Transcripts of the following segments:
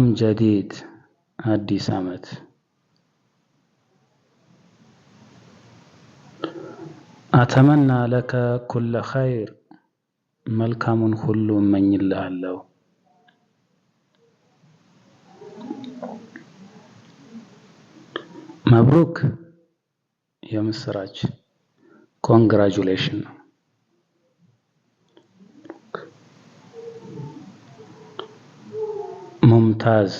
አም ጀዲድ አዲስ ዓመት አተመና ለከ ኩለ ኸይር መልካሙን ሁሉ እመኝልሃለሁ። መብሩክ የምስራች ኮንግራጁሌሽን ነው። ሙምታዝ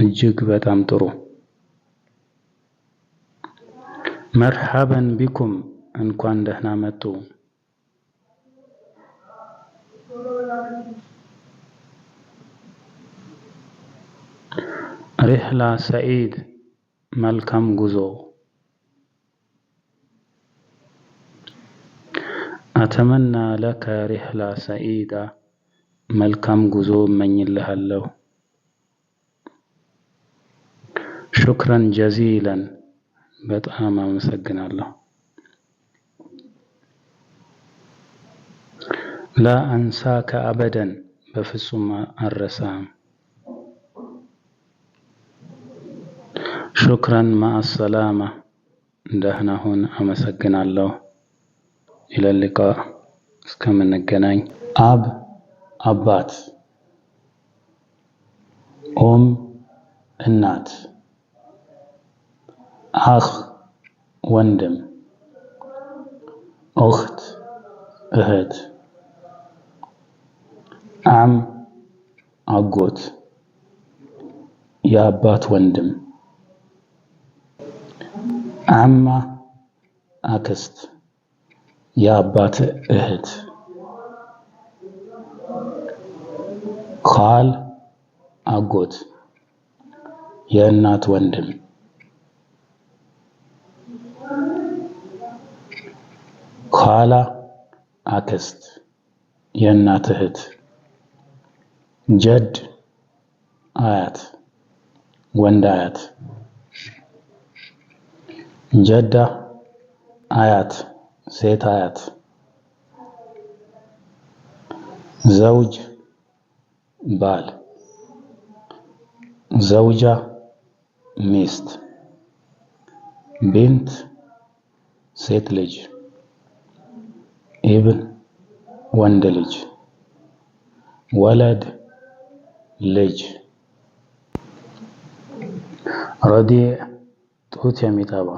እጅግ በጣም ጥሩ መርሐበን ቢኩም እንኳን ደህና መጡ ሪህላ ሰዒድ መልካም ጉዞ أتمنى لك رحلة سعيدة መልካም ጉዞ እመኝልሃለሁ። ሹክረን ጀዚለን በጣም አመሰግናለሁ። ላ አንሳከ አበደን በፍጹም አረሳም። ሹክረን ማአሰላማ ደህና ሁን አመሰግናለሁ። ሊቃ፣ እስከምንገናኝ አብ أبات أم النات أخ وندم أخت أهد أم أقوت يا أبات وندم أما أكست يا أبات أهد ካል አጎት የእናት ወንድም ካላ አክስት የእናት እህት ጀድ አያት ወንድ አያት ጀዳ አያት ሴት አያት ዘውጅ ባል፣ ዘውጃ ሚስት፣ ቤንት ሴት ልጅ፣ ኢብን ወንድ ልጅ፣ ወለድ ልጅ፣ ረዲዕ ጡት የሚጠባ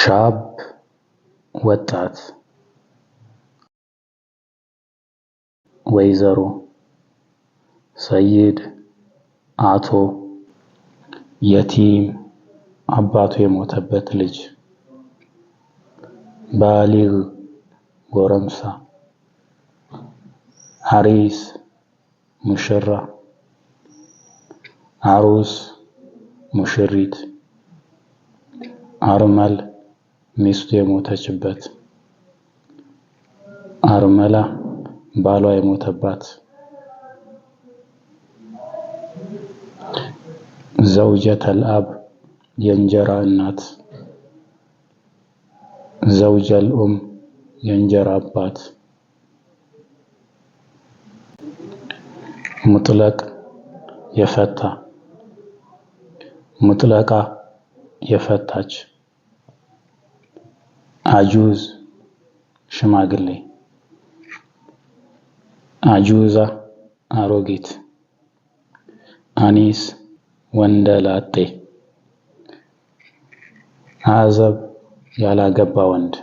ሻብ ወጣት ወይዘሮ ሰይድ አቶ የቲም አባቱ የሞተበት ልጅ ባሊግ ጎረምሳ አሪስ ሙሽራ አሩስ ሙሽሪት አርመል ሚስቱ የሞተችበት አርመላ ባሏ የሞተባት ዘውጀተል አብ የእንጀራ እናት፣ ዘውጀል ኡም የእንጀራ አባት፣ ሙጥለቅ የፈታ ሙጥለቃ የፈታች፣ አጁዝ ሽማግሌ አጁዛ አሮጊት አኒስ ወንደላጤ አዘብ ያላገባ ወንድ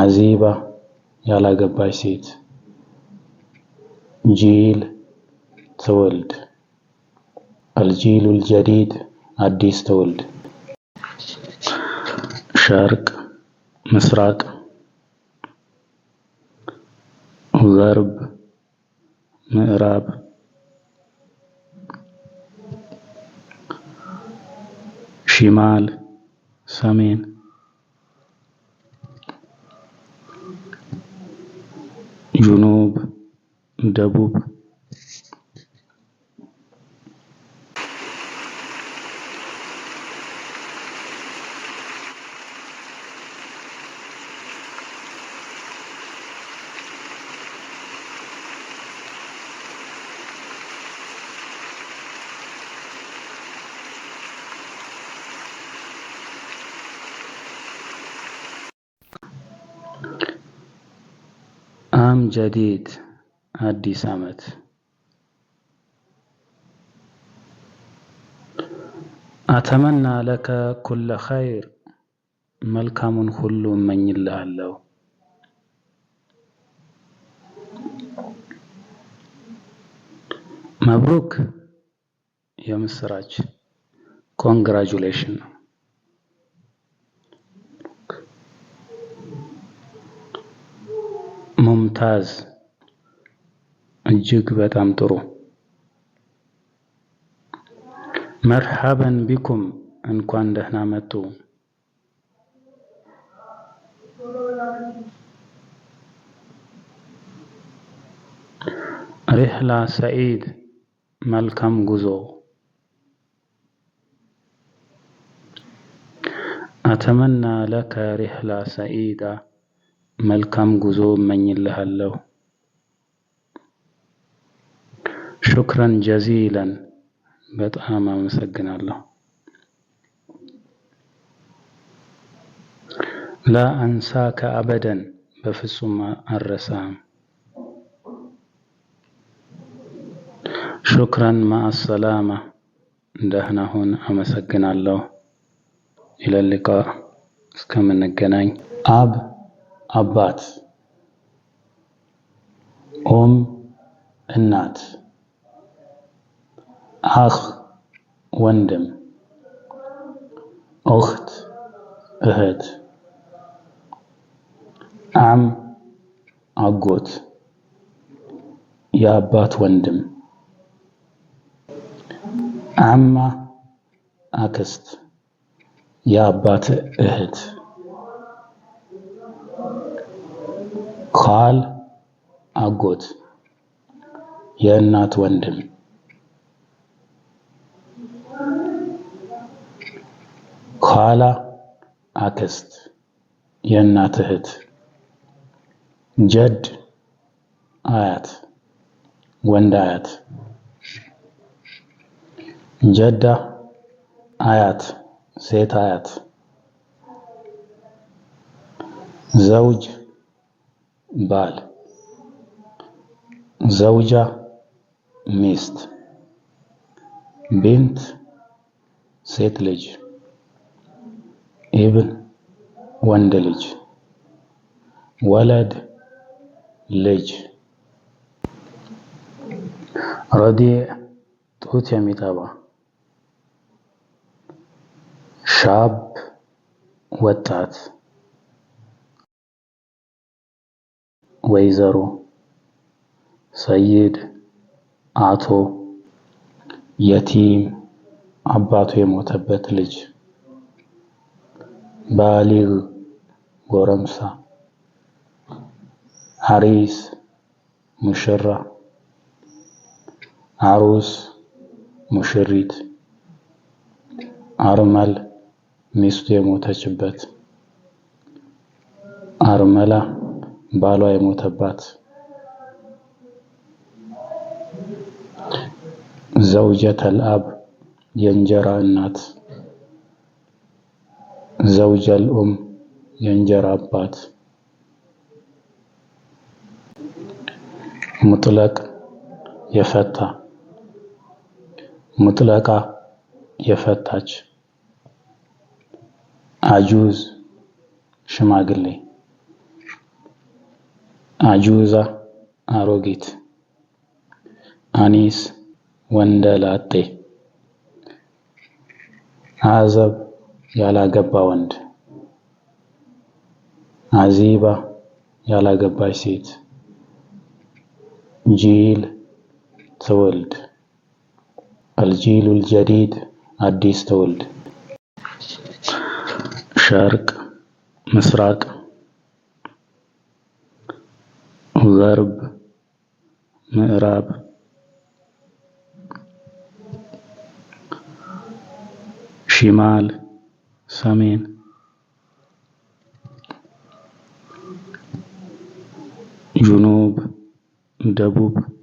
አዚባ ያላገባች ሴት ጂል ትውልድ አልጂሉል ጀዲድ አዲስ ትውልድ ሸርቅ ምስራቅ غرب مغرب شمال سمين جنوب دبوب ዐም ጀዲድ አዲስ አመት አተመና ለከ ኩለ ኸይር መልካሙን ሁሉ እመኝልሃለሁ። መብሩክ የምስራች ኮንግራጁሌሽን ነው። ሙምታዝ እጅግ በጣም ጥሩ መርሐበን ቢኩም እንኳን ደህና መጡ ሪህላ ሰዒድ መልካም ጉዞ أتمنى لك رحلة سعيدة መልካም ጉዞ እመኝልሃለሁ ሹክረን ጀዚለን በጣም አመሰግናለሁ ላ አንሳከ አበደን በፍጹም አረሳም ሹክረን ማአሰላማ ደህና ሁን አመሰግናለሁ ኢለልቃ እስከምንገናኝ አብ አባት ኦም እናት አኽ ወንድም ኦኽት እህት ዓም አጎት የአባት ወንድም ዓማ አክስት የአባት እህት ካል አጎት የእናት ወንድም ካላ አክስት የእናት እህት ጀድ አያት ወንድ አያት ጀዳ አያት ሴት አያት ዘውጅ ባል፣ ዘውጃ ሚስት፣ ቢንት ሴት ልጅ፣ ኢብን ወንድ ልጅ፣ ወለድ ልጅ፣ ረዲዕ ጡት የሚጠባ ሻብ ወጣት ወይዘሮ ሰይድ አቶ የቲም አባቱ የሞተበት ልጅ ባሊግ ጎረምሳ አሪስ ሙሽራ አሩስ ሙሽሪት አርመል ሚስቱ የሞተችበት አርመላ ባሏ የሞተባት ዘውጀተል አብ የእንጀራ እናት ዘውጀል ኡም የእንጀራ አባት ሙጥለቅ የፈታ ሙጥለቃ የፈታች አጁዝ ሽማግሌ አጁዛ አሮጊት፣ አኒስ ወንደላጤ፣ አዘብ ያላገባ ወንድ፣ አዚባ ያላገባች ሴት፣ ጂል ትውልድ፣ አልጂሉል ጀዲድ አዲስ ትውልድ፣ ሸርቅ ምስራቅ غرب مغرب شمال سمين جنوب دبوب